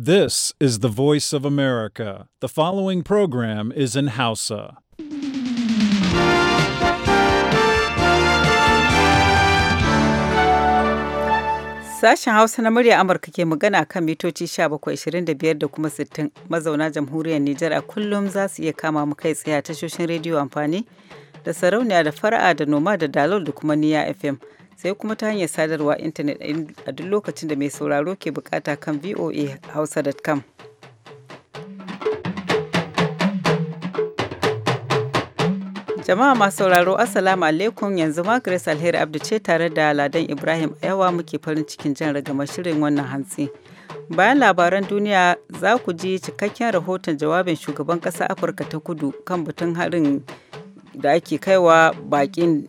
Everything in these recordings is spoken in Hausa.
This is the voice of America. The following program is in Hausa. Sashen Hausa na murya Amurka ke magana kan mitoci 1725 da kuma 60 mazauna jamhuriyar Nijar a kullum za su iya kama mu kai tsaye tashoshin rediyo amfani da sarauniya da fara'a da noma da dalol da kuma niya FM. sai kuma ta hanyar sadarwa intanet a duk lokacin da mai sauraro ke bukata kan voahausa.com. Jama'a masu sauraro Assalamu alaikum yanzu ma Grace Alheri Abdu ce tare da Ladan Ibrahim a yawa muke farin cikin jan ragama shirin wannan hantsi. Bayan labaran duniya za ku ji cikakken rahoton jawabin shugaban ƙasa Afirka ta kudu kan batun harin da ake kaiwa bakin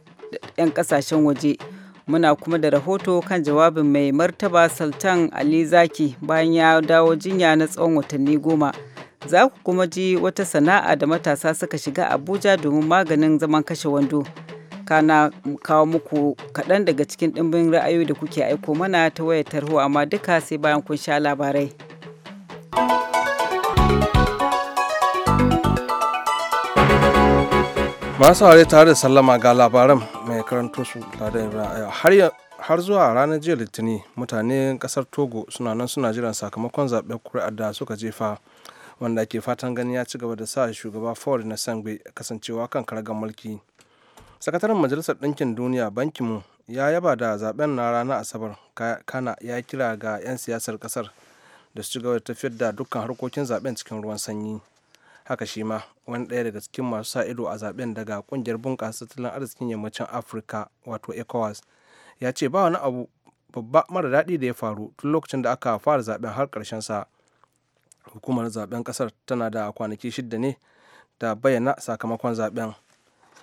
'yan kasashen waje. Muna kuma da rahoto kan jawabin mai martaba Sultan Ali Zaki bayan ya dawo jinya na tsawon watanni goma. Za ku kuma ji wata sana'a da matasa suka shiga Abuja domin maganin zaman kashe wando. Kana kawo muku kaɗan daga cikin ɗimbin ra'ayoyi da kuke aiko mana ta wayar tarho amma duka sai bayan kun sha labarai. masu haure tare da sallama ga labaran mai karanto su tare da har zuwa ranar jiya litinin mutane kasar togo suna nan suna jiran sakamakon zaɓen kuri'ar da suka jefa wanda ke fatan gani ya ci gaba da sa shugaba ford na sangbe kasancewa kan karagar mulki sakataren majalisar ɗinkin duniya mu ya yaba da zaɓen na ranar asabar kana ya kira ga 'yan siyasar kasar da su ci gaba da tafiyar da dukkan harkokin zaɓen cikin ruwan sanyi haka shi ma wani ɗaya daga cikin masu sa ido a zaben daga kungiyar bunƙasa tattalin arzikin yammacin afirka wato ecowas ya ce ba wani abu babba mara daɗi da ya faru tun lokacin da aka fara zaben har ƙarshen sa hukumar zaben ƙasar tana da kwanaki shida ne da bayyana sakamakon zaben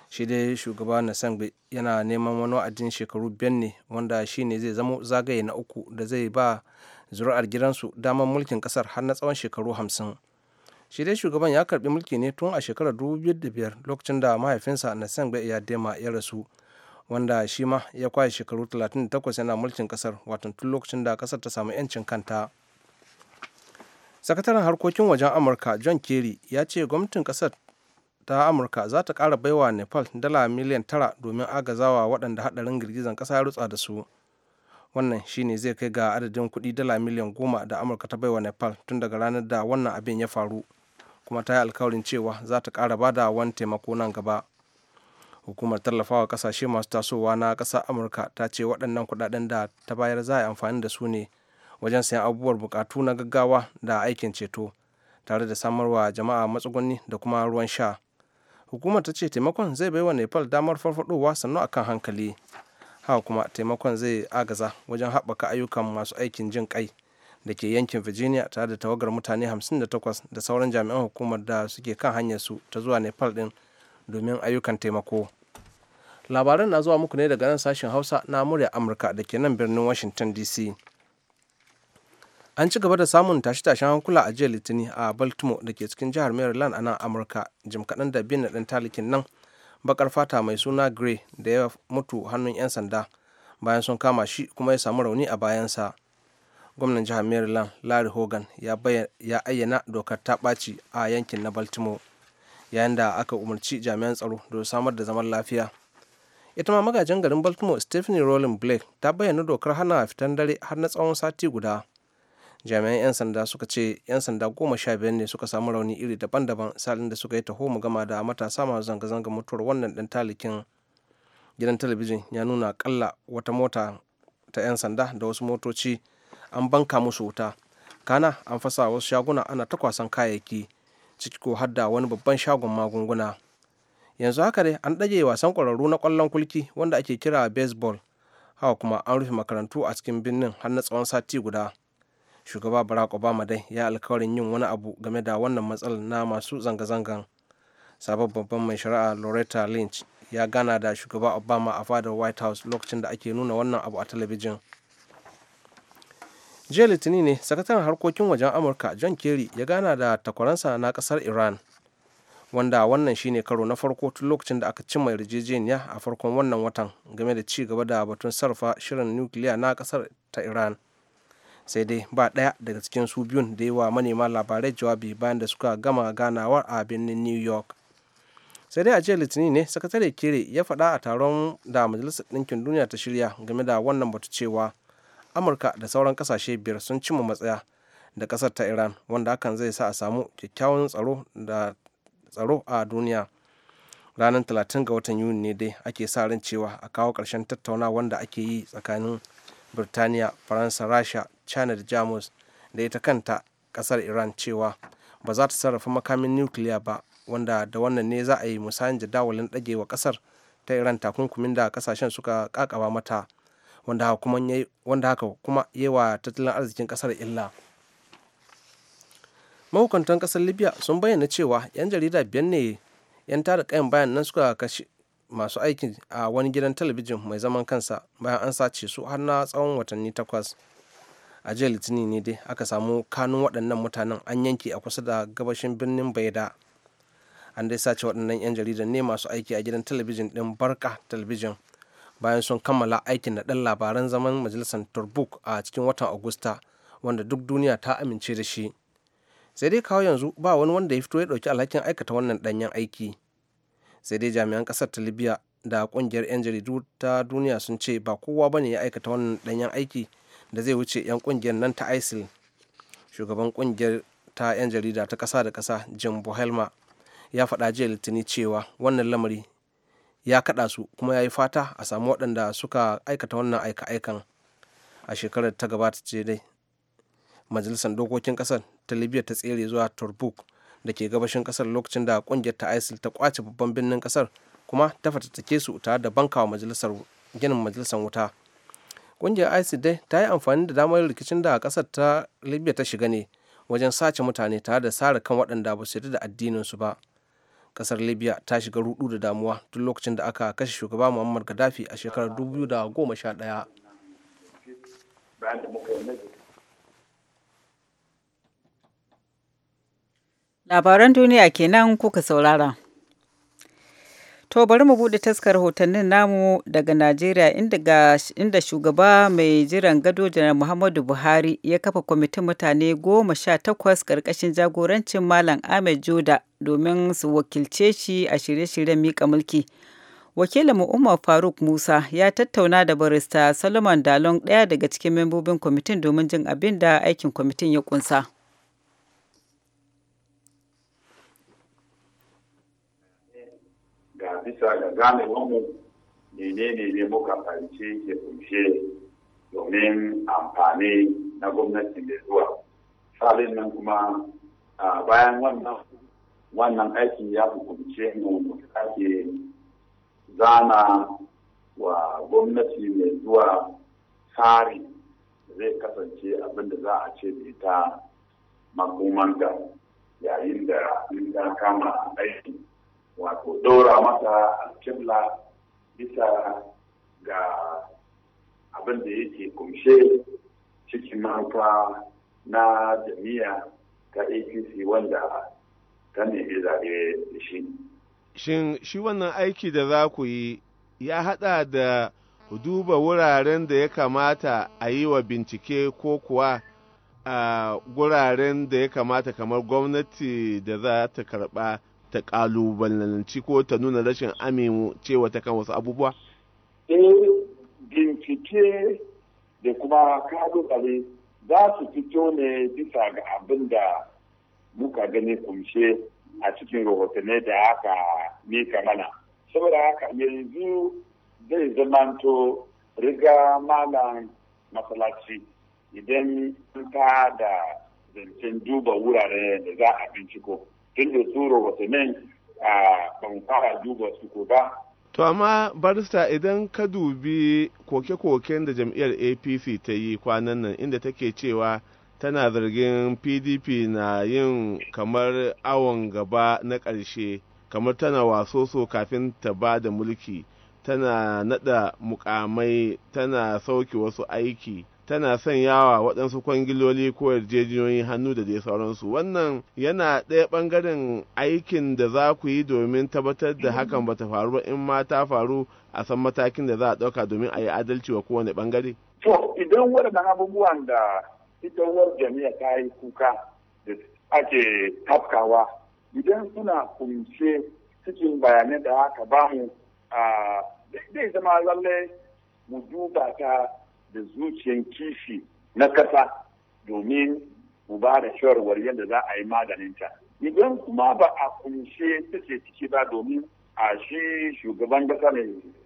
shi dai shugaba nasangbe yana neman wani wa'adin shekaru biyar ne wanda shi ne zai zamo zagaye na uku da zai ba zuri'ar gidansu damar mulkin ƙasar har na tsawon shekaru hamsin shi dai shugaban ya karbi mulki ne tun a shekarar 2005 lokacin da mahaifinsa nassan ya dema ya rasu wanda shi ma ya kwashe shekaru 38 yana mulkin kasar wato tun lokacin da kasar ta samu 'yancin kanta sakataren harkokin wajen amurka john kerry ya ce gwamnatin kasar ta amurka za ta kara baiwa nepal dala miliyan tara domin agazawa waɗanda haɗarin girgizan ƙasa ya rutsa da su wannan shine zai kai ga adadin kuɗi dala miliyan goma da amurka ta baiwa nepal tun daga ranar da wannan abin ya faru kuma ta yi alkawarin cewa za ta ƙara ba da wani taimako nan gaba hukumar tallafawa kasashe masu tasowa na ƙasar amurka ta ce waɗannan kuɗaɗen da ta bayar za a yi amfani da su ne wajen sayan abubuwar buƙatu na gaggawa da aikin ceto tare da samarwa jama'a matsuguni da kuma ruwan sha hukumar ta ce taimakon zai bai wa nepal damar farfadowa sannu a kan hankali haka kuma taimakon zai agaza wajen haɓaka ayyukan masu aikin jin kai da ke yankin virginia tare da tawagar mutane 58 da sauran jami'an hukumar da suke kan hanyar su ta zuwa nepal din domin ayyukan taimako labaran na zuwa muku ne daga nan sashen hausa na murya amurka da ke nan birnin washington dc an ci gaba da samun tashe-tashen hankula a jiya litini a baltimore da ke cikin jihar maryland a nan amurka jim kaɗan da bin ɗin talikin nan bakar fata mai suna gray da ya mutu hannun 'yan sanda bayan sun kama shi kuma ya samu rauni a bayansa gwamnan jihar maryland larry hogan ya ayyana dokar ta ɓaci a yankin na baltimore yayin da aka umarci jami'an tsaro da samar da zaman lafiya ita ma magajin garin baltimore stephanie rowling blake ta bayyana dokar hana fitan dare har na tsawon sati guda jami'an 'yan sanda suka ce 'yan sanda goma sha biyar ne suka samu rauni iri daban-daban salin da suka yi taho mu gama da matasa masu zanga-zanga mutuwar wannan dan talikin gidan talabijin ya nuna kalla wata mota ta 'yan sanda da wasu motoci an banka musu wuta kana an fasa wasu shaguna ana ta kwasan kayayyaki ciki ko har da wani babban shagon magunguna yanzu haka dai an ɗage wasan ƙwararru na ƙwallon kulki wanda ake kira baseball hawa kuma an rufe makarantu a cikin birnin har na tsawon sati guda shugaba barack obama dai ya alkawarin yin wani abu game da wannan matsalar na masu zanga-zangan sabon babban mai shari'a loretta lynch ya gana da shugaba obama a fadar white house lokacin da ake nuna wannan abu a talabijin jiya litini ne sakataren harkokin wajen amurka john kerry ya gana da takwaransa na kasar iran wanda wannan shine karo na farko tun lokacin da aka cimma yarjejeniya a farkon wannan watan game da ci gaba da batun sarrafa shirin nukiliya na kasar ta iran sai dai ba ɗaya daga cikin su biyun da yi wa manema labarai jawabi bayan da suka gama ganawar a birnin new york sai dai a jiya litini ne sakatare kere ya faɗa a taron da majalisar ɗinkin duniya ta shirya game da wannan batu cewa amurka da sauran kasashe biyar sun cimma matsaya da kasar ta iran wanda hakan zai sa a samu kyakkyawan tsaro da tsaro a duniya ranar 30 ga watan yuni ne dai ake sa ran cewa a kawo ƙarshen tattauna wanda ake yi tsakanin birtaniya faransa rasha china da jamus da ita kanta kasar iran cewa ba za ta sarrafa makamin nukiliya ba wanda da wannan ne za a yi musayin jadawalin ɗage wa kasar ta iran takunkumin da kasashen suka kakaba mata wanda haka kuma yi wa tattalin arzikin kasar illa mahukuntan kasar libya sun bayyana cewa 'yan jarida biyan ne 'yan tada kayan bayan nan suka kashe masu aiki a wani gidan talabijin mai zaman kansa bayan an sace su har na tsawon watanni takwas a jiya litinin ne dai aka samu kanun waɗannan mutanen an yanke a kusa da gabashin birnin baida an dai sace waɗannan 'yan jarida ne masu aiki a gidan talabijin ɗin barka talabijin bayan sun kammala aikin da ɗan labaran zaman majalisar turbuk a cikin watan agusta wanda duk duniya ta amince da shi sai dai kawo yanzu ba wani wanda ya fito ya ɗauki alhakin aikata wannan ɗanyen aiki sai dai jami'an ƙasar ta libya da ƙungiyar 'yan jaridu ta duniya sun ce ba kowa bane ya aikata wannan ɗanyen aiki da zai wuce 'yan ƙungiyar nan ta isil shugaban ƙungiyar ta 'yan jarida ta ƙasa da ƙasa jim buhelma ya faɗa jiya litinin cewa wannan lamari ya kaɗa su kuma ya yi fata a samu waɗanda suka aikata wannan aika-aikan a shekarar ta gabata ce dai majalisar dokokin ƙasar ta libya ta tsere zuwa turbuk da ke gabashin ƙasar lokacin da ƙungiyar ta isil ta kwace babban birnin ƙasar kuma ta fatattake su tare da bankawa majalisar ginin majalisar wuta ƙungiyar isil dai ta yi amfani da damar rikicin da ƙasar ta libya ta shiga ne wajen sace mutane tare da sare kan waɗanda ba su yarda da addinin su ba kasar libya ta shiga rudu da damuwa tun lokacin da aka kashe shugaba muhammad gaddafi a shekarar 2011 labaran duniya kenan kuka saurara To bari mu buɗe taskar hotannin namu daga Najeriya inda shugaba mai jiran gado janar Muhammadu Buhari ya kafa kwamitin mutane goma sha takwas ƙarƙashin jagorancin Malam Ahmed Joda domin su wakilce shi a shirye-shiryen miƙa mulki. Wakilin Umar Faruk Musa ya tattauna da barista Solomon Dalon ɗaya daga cikin membobin kwamitin domin jin abin da aikin kwamitin ya ƙunsa. bisa ga wani menene ne muka farce ke kunshe domin amfani na gwamnati mai zuwa sabin nan kuma bayan wannan wannan aikin ya hukumce mu ake zana wa gwamnati mai zuwa tsari zai kasance abinda za a ce da ita makomanta yayin da in kama aiki wato ɗora masa alkibla bisa ga abin da yake kumshe cikin manufa na jami'a ta apc wanda ta nemi zaɓe da shi shin shi wannan aiki da za ku yi ya haɗa da duba wuraren da ya kamata a yi wa bincike ko kuwa a wuraren da ya kamata kamar gwamnati da za ta karɓa ta kalubalanci ko ta nuna rashin amincewa ta kan wasu abubuwa? Eh, bincike da kuma kalubale za su fito ne bisa ga abin da muka gani kumshe a cikin rahotanni da aka mika mana. Saboda haka yanzu zai zamanto riga malam masalaci idan ta da zancen duba wurare da za a binciko. tun da su nan a fara duba su ko ba To amma barista idan ka dubi koke-koken da jam'iyyar APC ta yi kwanan nan inda take cewa tana zargin PDP na yin kamar awon gaba na ƙarshe kamar tana waso-so kafin ta ba da mulki tana nada mukamai tana sauke wasu aiki tana sanyawa waɗansu kwangiloli ko yarjejiyoyi hannu da dai sauransu wannan yana ɗaya ɓangaren aikin da za ku yi domin tabbatar da hakan bata faru ba in ma ta faru a san matakin da za a ɗauka domin a yi adalci wa kowane ɓangare. to idan waɗannan abubuwan da fitowar jami'a ta yi kuka da ake tafkawa idan suna kunshe cikin bayanai da aka bamu ah, zai zama lallai mu duba ta da zuciyan kishi na kasa domin mu ba da shawarwari yadda za a yi maganinta. Idan kuma ba a kunshe take ciki ba domin a shi shugaban kasa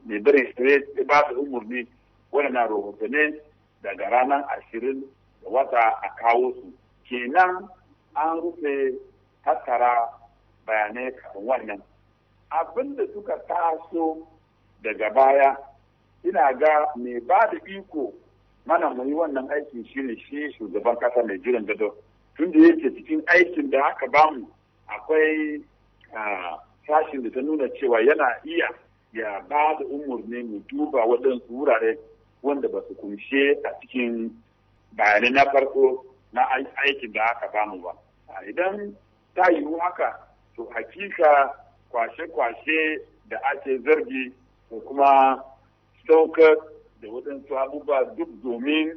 mai bari sai ba da umarni waɗannan rahotanni daga ranar ashirin da wata a kawo su. Kenan an rufe tattara bayanai kan wannan. Abin da suka taso daga baya ina ga mai ba da iko mana mu wannan aikin shi ne shi shugaban kasa mai jiran gado tun da yake cikin aikin da aka bamu akwai sashin da ta nuna cewa yana iya ya ba da umarni mu duba waɗansu wurare wanda ba su kunshe a cikin bayanai na farko na aikin da aka bamu ba idan ta yiwu haka to hakika kwashe-kwashe da ake zargi ko kuma saukar da waɗansu abubuwa duk domin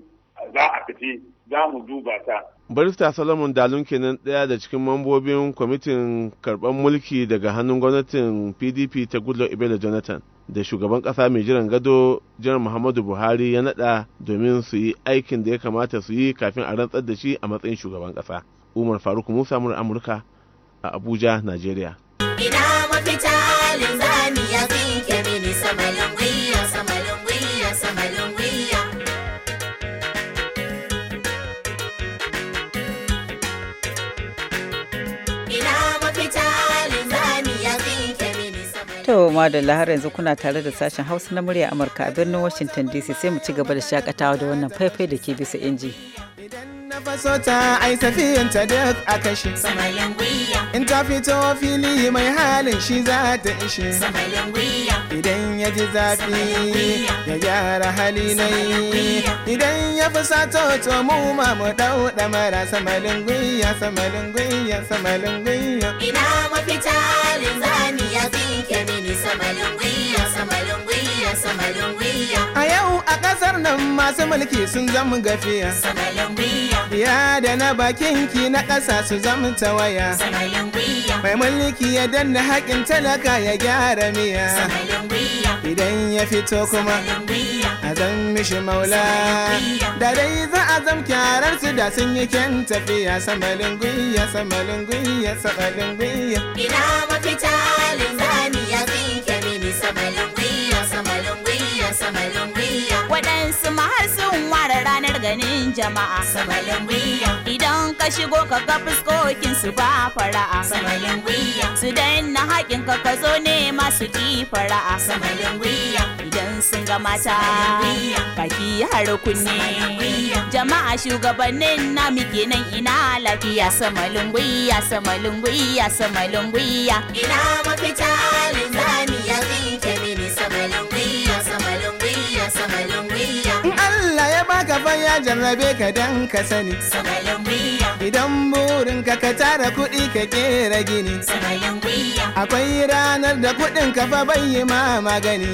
za a fiti za mu duba ta. Barista Solomon Dalun kenan ɗaya da cikin mambobin kwamitin karɓar mulki daga hannun gwamnatin PDP ta Goodluck Ibele Jonathan da shugaban ƙasa mai jiran gado jiran Muhammadu Buhari ya naɗa domin su yi aikin da ya kamata su yi kafin a rantsar da shi a matsayin shugaban ƙasa. Umar Faruk Musa Amurka a Abuja, Najeriya. Ina mafita da har yanzu kuna tare da sashen hausa na murya amurka a birnin washington dc sai mu ci gaba da shakatawa da wannan faifai da ke bisa inji idan na faso ta ai safiyan ta duk a kashe samayin wiya in ta fito fili mai halin shi za ta ishe samayin wiya idan ya ji zafi ya gyara hali na yi idan ya fi sato to mu ma mu dau mara samalin gwiya samalin gwiya samalin gwiya ina mafita linzani ya fi A yau a ƙasar nan masu mulki sun zama gafiya. Ya da na bakin ki na ƙasa su zama tawaya. Mai mulki ya danna haƙin talaka ya gyara miya. Idan ya fito kuma a zan mishi maula. Da dai za a zam kyarar su da sun yi kyan tafiya. Samalin guyya samalin guyya samalin guyya Ina mafita. Waɗansu ma har sun ware ranar ganin jama'a. Samalin Idan ka shigo ka ga fuskokin su ba fara'a. Su danna haƙin ka ka zo ne masu ki fara'a. Idan sun ga mata samalin kaki har kunne. Jama'a shugabannin na muke nan ina lafiya samalin gwiya samalin gwiya samalin gwiya. Ina mafita linzara. ka fanya jarrabe ka dan ka sani idan burin ka ka tara kuɗi ka kera gini akwai ranar da kuɗin ka fa bai ma magani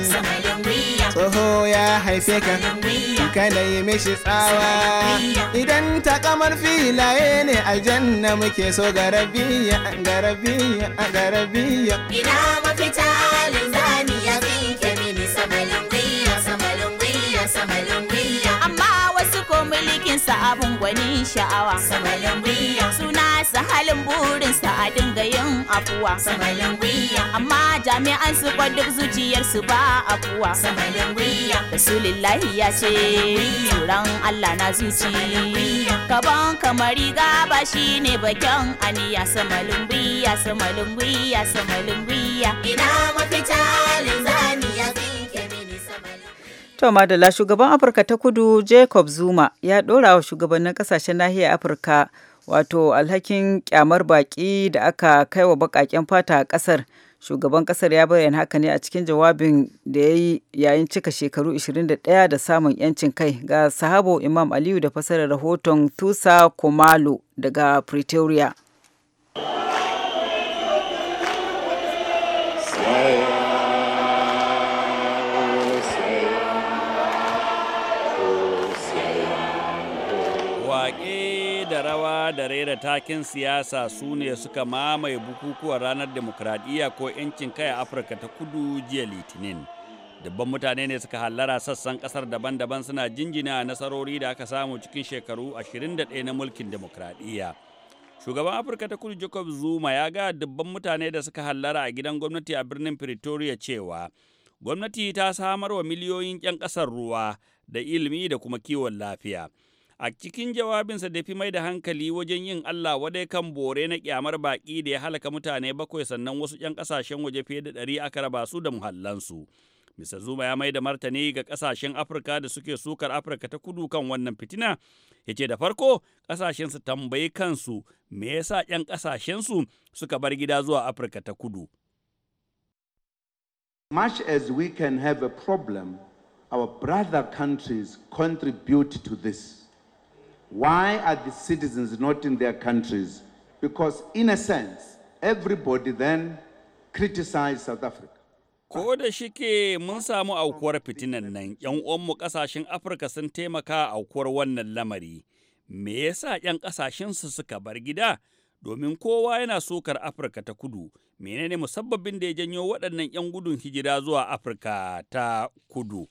tsoho ya haife ka ka na yi mishi tsawa idan ta kamar filaye ne aljanna muke so garabiya garabiya garabiya ina mafita zani abin gwani sha'awa samalin wiya. suna su halin burin sa a dinga yin afuwa samalin wiya. amma jami'an su kwa duk zuciyar su ba afuwa samalin wiya. rasulullahi ya ce Turan Allah na zuci kaban kamari gaba shine bakin aniya samalin wiya. samalin wiya. samalin wiya. ina talin linzari To Madalla shugaban Afirka ta kudu Jacob Zuma ya ɗora wa shugabannin kasashen nahiyar Afirka wato alhakin kyamar baƙi da aka kai wa baƙaƙen fata a ƙasar. Shugaban ƙasar ya bayyana haka ne a cikin jawabin da ya yi yayin cika shekaru 21 da samun 'yancin kai ga sahabo Imam Aliyu da fasarar rahoton Tusa Kumalo daga Pretoria. waƙe da rawa da raira takin siyasa su ne suka mamaye bukukuwan ranar demokradiyya ko 'yancin kai a afirka ta kudu jiya litinin dubban mutane ne suka hallara sassan kasar daban-daban suna jinjina nasarori da aka samu cikin shekaru 21 na mulkin demokradiyya shugaban afirka ta kudu jacob zuma ya ga dubban mutane da suka hallara a gidan gwamnati a birnin pretoria cewa gwamnati ta samar wa miliyoyin 'yan ƙasar ruwa da ilimi da kuma kiwon lafiya a cikin jawabinsa da fi mai da hankali wajen yin Allah wadai kan bore na kyamar baƙi da ya halaka mutane bakwai sannan wasu 'yan ƙasashen waje fiye da ɗari aka raba su da muhallansu. Mr. Zuma ya mai da martani ga ƙasashen Afirka da suke sukar Afirka ta kudu kan wannan fitina, ya ce da farko ƙasashen su tambayi kansu me yasa 'yan su suka bar gida zuwa Afirka ta kudu. Much as we can have a problem, our brother countries contribute to this. Why are the citizens not in their countries? Because in a sense, everybody then criticized South Africa. Ko da shike mun samu aukuwar fitinan nan, ‘yan uwanmu ƙasashen Afirka sun taimaka a aukuwar wannan lamari. Me yasa ‘yan ƙasashensu suka bar gida? Domin kowa yana sokar Afirka ta kudu, menene musabbabin da ya janyo waɗannan ‘yan gudun hijira zuwa Afirka ta kudu?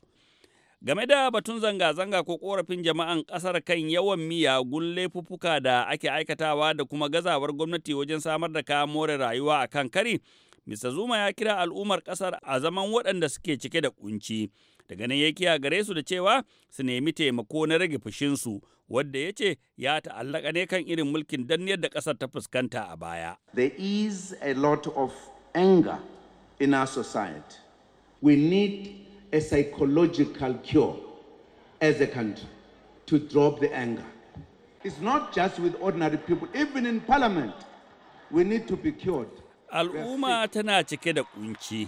Game da batun zanga-zanga ko korafin jama'an ƙasar kan yawan miyagun laifuffuka da ake aikatawa da kuma gazawar gwamnati wajen samar da kayan more rayuwa a kan kari, Mr. Zuma ya kira al'ummar ƙasar a zaman waɗanda suke cike da kunci. Daga nan ya kiya gare su da cewa su nemi taimako na rage fushinsu, wadda ya ce ya ta'allaka ne kan irin mulkin danniyar da kasar ta fuskanta a baya. There is a of anger in society. We need a psychological cure as a country to drop the anger. It's not just with ordinary people, even in parliament, we need to be cured. Al'umma tana cike da kunci.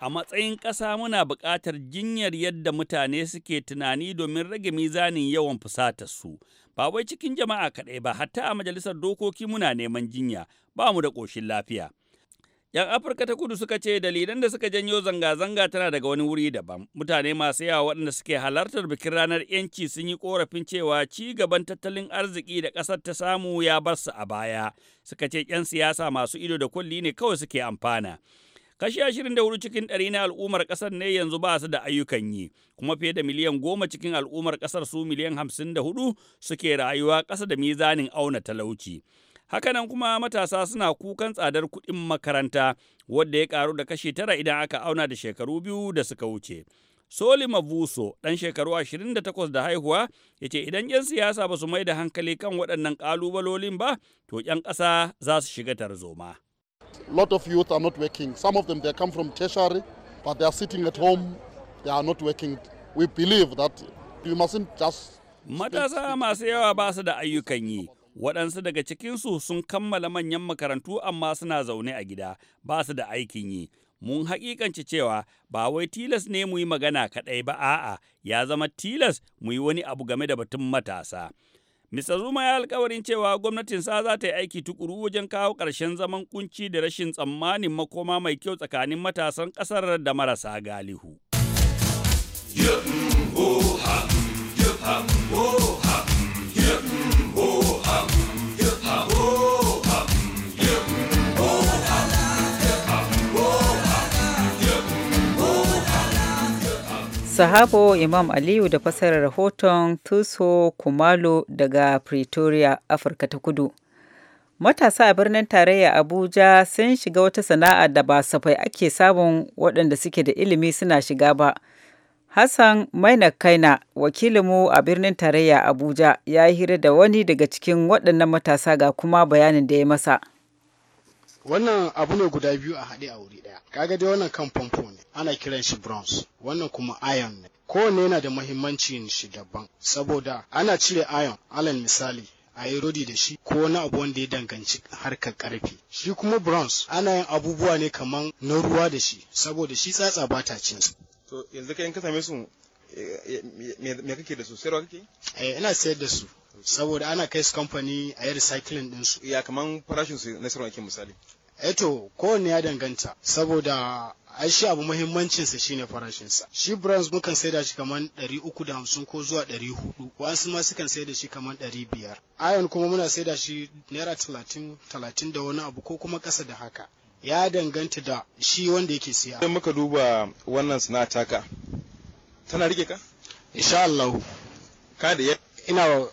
A matsayin ƙasa muna buƙatar jinyar yadda mutane suke tunani domin rage mizanin yawan fusatarsu. Ba wai cikin jama'a kaɗai ba, hatta a majalisar dokoki muna neman jinya, ba mu da ƙoshin lafiya. 'Yan Afirka ta kudu suka ce dalilan da suka janyo zanga-zanga tana daga wani wuri daban. Mutane masu yawa waɗanda suke halartar bikin ranar 'yanci sun yi korafin cewa ci gaban tattalin arziki da ƙasar ta samu ya bar su a baya. Suka ce 'yan siyasa masu ido da kulli ne kawai suke amfana. kashi ashirin da hudu cikin ɗari na al'ummar ƙasar ne yanzu ba su da ayyukan yi kuma fiye da miliyan goma cikin al'ummar ƙasar su miliyan hamsin da hudu suke rayuwa ƙasa da mizanin auna talauci Hakanan kuma matasa suna kukan tsadar kuɗin makaranta wadda ya ƙaru da kashi tara idan aka auna da shekaru biyu da suka wuce. Soli Mavuso, ɗan shekaru 28 da haihuwa, ya ce idan 'yan siyasa ba su mai da hankali kan waɗannan ƙalubalolin ba, to 'yan ƙasa za su shiga tarzoma. lot of youth are not working. Some of them, they come from tertiary, but they are sitting at home. They are not working. We believe that you mustn't just Matasa masu yawa ba su da ayyukan yi, waɗansu daga cikinsu sun kammala manyan makarantu amma suna zaune a gida ba su da aikin yi mun hakikanci cewa ba wai tilas ne mu yi magana kaɗai ba a'a ya zama tilas mu yi wani abu game da batun matasa Mr. Zuma ya alkawarin cewa gwamnatin sa za ta yi aiki tukuru wajen kawo ƙarshen zaman kunci da rashin tsammanin makoma mai kyau tsakanin matasan ƙasar da marasa galihu. Yeah, mm, oh, Sahabo Imam Aliyu da fasarar rahoton tuso Kumalo daga Pretoria, Afirka ta Kudu. Matasa a birnin tarayya Abuja sun shiga wata sana'a da ba safai ake samun waɗanda suke da ilimi suna shiga ba. Hassan Maina Kaina, wakilinmu a birnin tarayya Abuja, ya hira da wani daga cikin waɗannan matasa ga kuma bayanin da ya masa. wannan abu ne guda biyu a haɗe a wuri ɗaya kaga dai wannan kan famfo ne ana kiran shi bronze wannan kuma iron ne kowanne yana da muhimmancin shi daban saboda ana cire iron alal misali a yi rodi da shi ko wani abu wanda ya danganci harkar ƙarfi. shi kuma bronze ana yin abubuwa ne kamar na ruwa da shi saboda shi tsatsa ba ta cin su to yanzu kai in ka same su eh, eh, me kake da su sayarwa kake eh ina sayar da su saboda ana kai su kamfani a yi recycling din su ya kaman farashin su na sayarwa kake misali Eto eh kowanne ya danganta saboda ai shi abu muhimmancinsa shine farashinsa shi bronze mukan saida shi kaman 350 ko zuwa 400 wasu ma sukan saida shi kaman 500 iron kuma muna saida shi naira 30 30 da wani abu ko kuma ƙasa da haka ya danganta da shi wanda yake siya idan muka duba wannan sana'a taka tana rike ka insha Allah ka da ina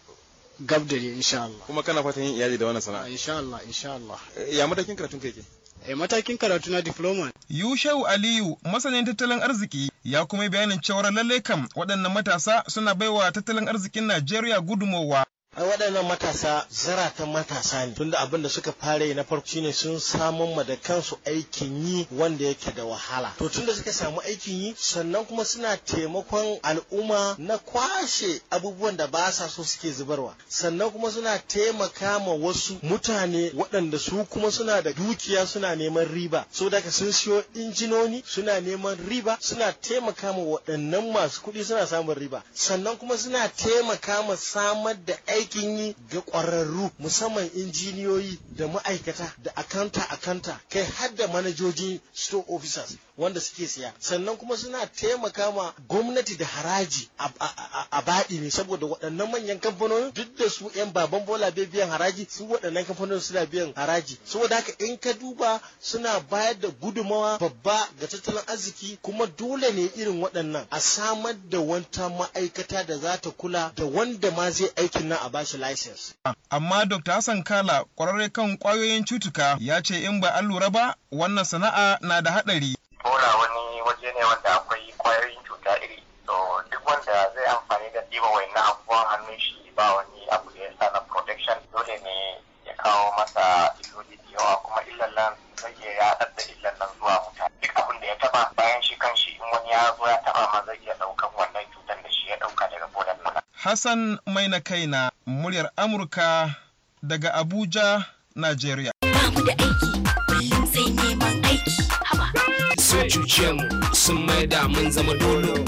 gab da dai insha Allah kuma kana fatan yin iyali da wannan sana'a ah, insha Allah insha Allah eh, ya matakin karatun kai ke eh matakin karatu na diploma Yushau Aliyu masanin tattalin arziki ya kuma bayanin cewa lalle kam waɗannan matasa suna baiwa tattalin arzikin Najeriya gudumowa ai waɗannan matasa zaratan matasa ne tunda abin da suka fara yi na farko shine sun samun ma da kansu aikin yi wanda yake da wahala to tunda suka samu aikin yi sannan kuma suna taimakon al'umma na kwashe abubuwan da ba sa so suke zubarwa sannan kuma suna taimaka ma wasu mutane waɗanda su kuma suna da dukiya suna neman riba so daga sun siyo injinoni suna neman riba suna taimaka ma waɗannan masu kuɗi suna samun riba sannan kuma suna taimaka ma samar da aiki aikin yi ga ƙwararru musamman injiniyoyi da ma'aikata da akanta akanta kai har da manajojin store officers wanda suke siya sannan kuma suna taimaka ma gwamnati da haraji a baɗi ne saboda waɗannan manyan kamfanoni duk da su 'yan baban bola bai biyan haraji su waɗannan kamfanoni suna biyan haraji saboda haka in ka duba suna bayar da gudumawa babba ga tattalin arziki kuma dole ne irin waɗannan a samar da wata ma'aikata da za ta kula da wanda ma zai aikin nan a ba shi license. Amma Dr. Hassan Kala kwararre kan kwayoyin cutuka ya ce in ba an lura ba wannan sana'a na da haɗari. Bola wani waje ne wanda akwai kwayoyin cuta iri to duk wanda zai amfani da ɗiba na abubuwan hannun shi ba wani abu da ya sa na protection dole ne ya kawo masa illoli da yawa kuma illallan zai iya yaɗar da illallan zuwa mutane duk abin da ya taɓa bayan shi kan shi in wani ya zo ya taɓa ma zai iya ɗaukan wannan cutar da shi ya ɗauka daga bolan nan. Hassan mai na kaina muryar Amurka daga Abuja, Najeriya. Sun sun maida mun zama dolo.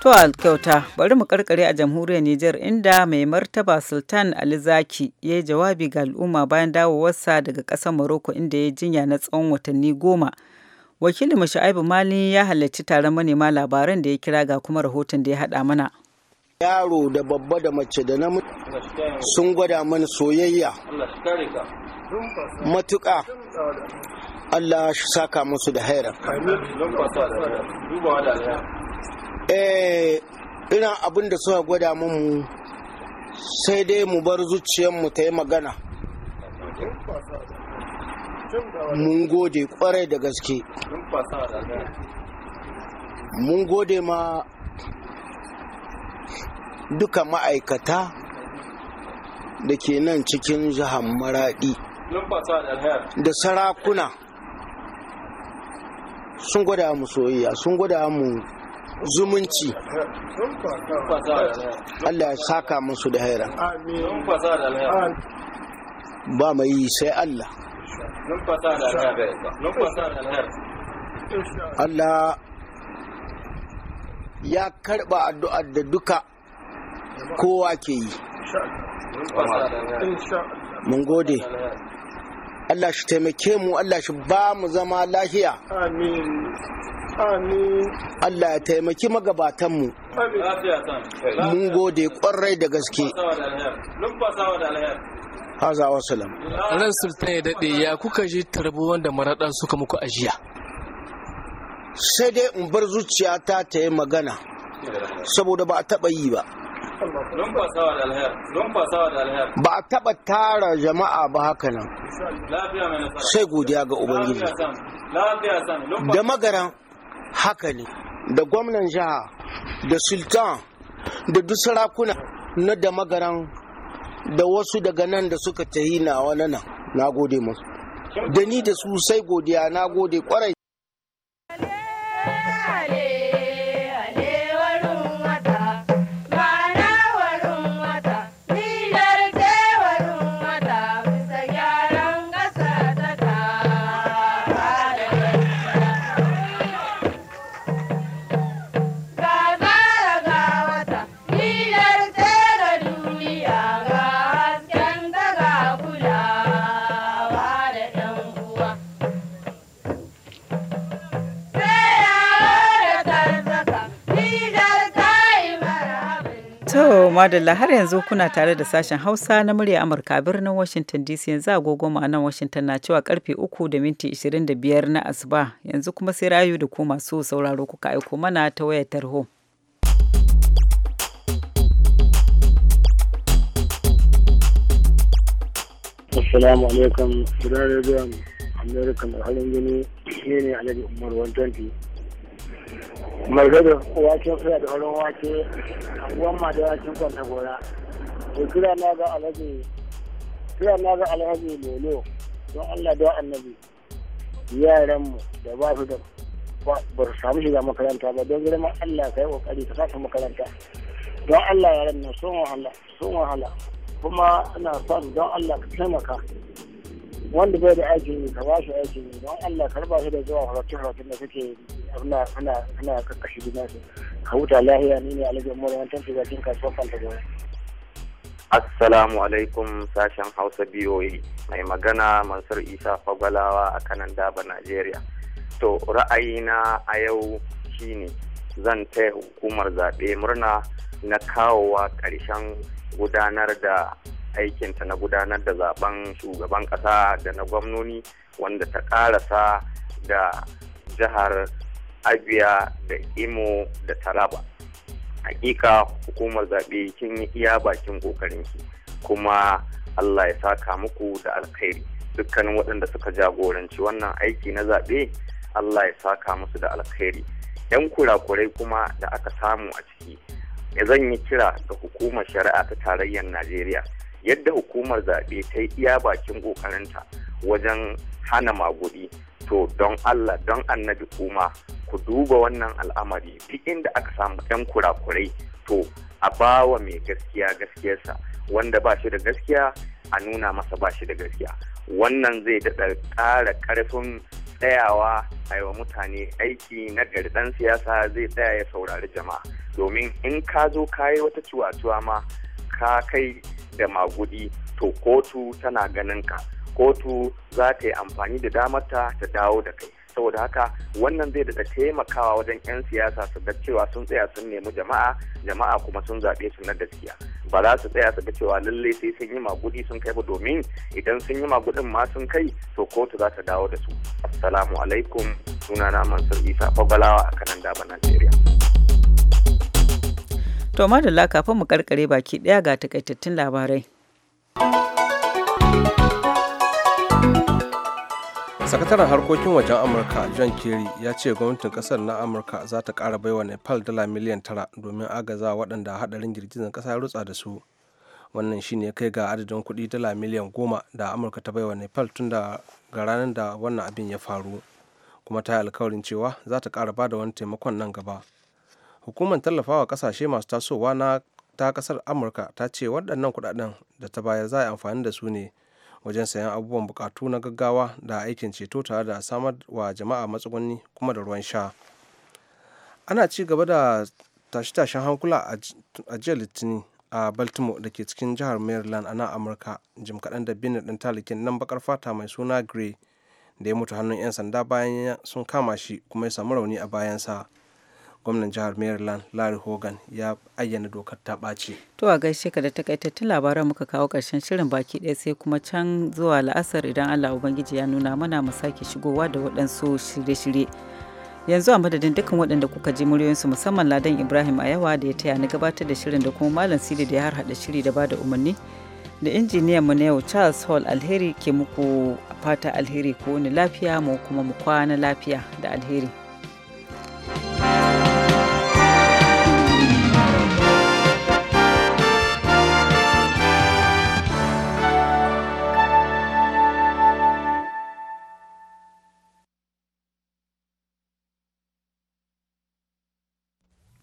To kyauta bari mu karkare a jamhuriyar Nijar inda mai martaba Sultan Ali Zaki ya yi jawabi ga al'umma bayan dawowarsa daga ƙasar Morocco inda ya jinya na tsawon watanni goma. Wakilinmu Shu'aibu Mali ya halarci taron manema labaran da ya kira ga kuma rahoton da ya haɗa mana. Yaro da babba da mace da namiji sun gwada mana soyayya matuƙa Allah shi saka musu da haira. Eh, ina abin da suka gwada mu sai dai mu bar zuciyarmu ta yi magana. mun gode kwarai da gaske mun gode ma duka ma'aikata da ke nan cikin jihar maraɗi da sarakuna sun gwada mu soyayya sun gwada mu zumunci Allah ya saka musu da haira ba mai yi sai Allah Allah ya karba addu'ar da duka kowa ke yi mun gode Allah shi taimake mu Allah shi ba mu zama lahiya Allah ya taimaki magabatan mu mun gode kwarai da gaske haza wa salam ran sultan ya daɗe ya kuka ji tarbo da maraɗa suka muku ajiya sai dai in bar zuciyata ta yi magana saboda ba a taɓa yi ba ba a taɓa tara jama'a ba haka nan sai godiya ga ubangiji da magaran haka ne da gwamnan jiha da sultan da duk sarakuna na da magaran da wasu daga nan da suka tahi na wani nan na gode musu da ni da su sai godiya na gode kwarai madalla har yanzu kuna tare da sashen Hausa na murya Amurka birnin Washington DC yanzu agogo nan Washington na cewa karfe 3 da minti 25 na asuba yanzu kuma sai rayu da ku masu sauraro kuka aiko mana ta wayar tarho. Assalamu alaikum, Sudan Radio America mai halin gini ne ne Alhaji Umar 120. margado waken fura da horon wake anguwan ma da waken kwanta gora to kira na ga alhaji kira na ga alhaji lolo don allah da annabi yaranmu da ba su da ba su samu shiga makaranta ba don girman allah ka yi kokari ka sasa makaranta don allah yaran na sun wahala sun wahala kuma ina son don allah ka taimaka wanda bai da aikin yi ka shi aikin ne don Allah ka raba shi da zuwa haratu-haratun da kake ana ana ana kakkashi juna su ka huta lahiya ni ne alhaji umar wancan ce bakin kasuwar fantagoya. Assalamu alaikum sashen Hausa BOA mai magana Mansur Isa Fagwalawa a kanan daba Najeriya. To ra'ayina a yau shine zan taya hukumar zaɓe murna na kawowa ƙarshen gudanar da aikinta na gudanar da zaben shugaban ƙasa da na gwamnoni wanda ta ƙarasa da jihar abia da imo da taraba hakika hukumar zaɓe kin yi iya bakin ki? kuma allah ya saka muku da alkhairi dukkanin waɗanda suka jagoranci wannan aiki na zaɓe allah ya saka musu da alkhairi yan kurakurai kuma da aka samu a ciki zan yi kira ga hukumar shari'a ta tarayyar najeriya yadda hukumar zaɓe ta yi iya bakin ƙoƙarinta wajen hana maguɗi, to don Allah don annabi kuma ku duba wannan al'amari duk inda aka samu ɗan kurakurai to a bawa mai gaskiya gaskiyarsa wanda ba shi da gaskiya a nuna masa ba shi da gaskiya wannan zai daɗa ƙara ƙarfin tsayawa a yi wa mutane aiki na ɗan siyasa zai tsaya ya saurari jama'a domin in ka zo ka yi wata ciwa ma ka kai da magudi to kotu tana ganin ka kotu za ta yi amfani da damarta ta dawo da kai saboda haka wannan zai daga taimakawa wajen 'yan siyasa su ga cewa sun tsaya sun nemi jama'a jama'a kuma sun zaɓe su na gaskiya ba za su tsaya su ga cewa lallai sai sun yi magudi sun kai ba domin idan sun yi magudin ma sun kai to kotu za ta dawo da su assalamu alaikum sunana mansur isa fagalawa a kanan daba najeriya To madalla kafin mu karkare baki ɗaya ga takaitattun labarai. sakataren harkokin wajen amurka john kerry ya ce gwamnatin kasar na amurka za ta kara baiwa nepal dala miliyan tara domin agaza waɗanda hadarin girgizar kasa ya rutsa da su wannan shine ya kai ga adadin kuɗi dala miliyan goma da amurka ta baiwa nepal tun da ga ranar da wannan abin ya faru kuma ta yi alkawarin cewa za ta kara ba da wani taimakon nan gaba hukumar tallafawa kasashe masu tasowa na ta kasar amurka ta ce waɗannan kuɗaɗen da ta bayar za a yi amfani da su ne wajen sayan abubuwan bukatu na gaggawa da aikin ceto tare da samar wa jama'a matsuguni kuma da ruwan sha ana ci gaba da tashe-tashen hankula a jiya litinin a baltimore da ke cikin jihar maryland a nan amurka jim kaɗan da bin ɗin talikin nan bakar fata mai suna gray da ya mutu hannun 'yan sanda bayan sun kama shi kuma ya samu rauni a bayansa gwamnan jihar maryland larry hogan ya ayyana dokar ta ɓaci to a gaishe ka da takaitattun labaran muka kawo ƙarshen shirin baki ɗaya sai kuma can zuwa la'asar idan allah ubangiji ya nuna mana mu sake shigowa da waɗansu shirye-shirye yanzu a madadin dukkan waɗanda kuka ji muryoyinsu musamman ladan ibrahim ayawa da ya taya na gabatar da shirin da kuma malam sidi da ya har harhaɗa shiri da bada umarni da injiniyan mu na yau charles hall alheri ke muku fata alheri ko wani lafiya mu kuma mu kwana lafiya da alheri